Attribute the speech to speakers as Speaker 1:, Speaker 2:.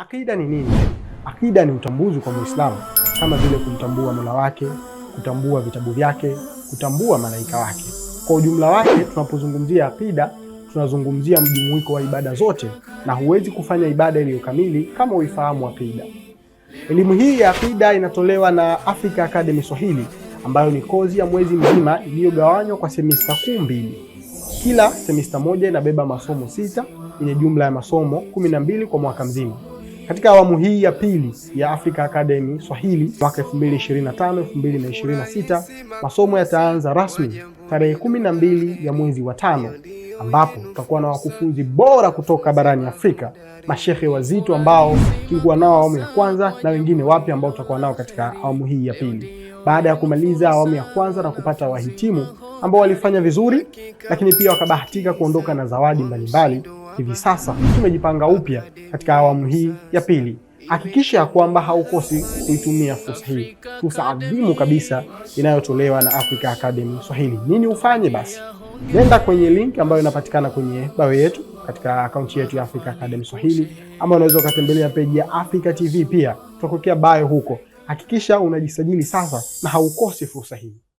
Speaker 1: Akida ni nini? Akida ni utambuzi kwa Muislamu, kama vile kumtambua Mola wake, kutambua vitabu vyake, kutambua malaika wake. Kwa ujumla wake, tunapozungumzia akida, tunazungumzia mjumuiko wa ibada zote, na huwezi kufanya ibada iliyo kamili kama uifahamu akida. Elimu hii ya akida inatolewa na Africa Academy Swahili, ambayo ni kozi ya mwezi mzima iliyogawanywa kwa semista kuu mbili. Kila semista moja inabeba masomo sita yenye jumla ya masomo 12 kwa mwaka mzima. Katika awamu hii ya pili ya Africa Academy Swahili mwaka 2025 2026, masomo yataanza rasmi tarehe 12 ya mwezi wa tano, ambapo tutakuwa na wakufunzi bora kutoka barani Afrika, mashehe wazito ambao tulikuwa nao awamu ya kwanza na wengine wapya ambao tutakuwa nao katika awamu hii ya pili baada ya kumaliza awamu ya kwanza na kupata wahitimu ambao walifanya vizuri, lakini pia wakabahatika kuondoka na zawadi mbalimbali hivi sasa tumejipanga upya katika awamu hii ya pili. Hakikisha ya kwamba haukosi kuitumia fursa hii, fursa adhimu kabisa inayotolewa na Africa Academy Swahili. Nini ufanye basi? Nenda kwenye link ambayo inapatikana kwenye bio yetu katika akaunti yetu ya Africa Academy Swahili, ama unaweza ukatembelea peji ya Africa TV, pia tutakuwekea bio huko. Hakikisha unajisajili sasa na haukosi fursa hii.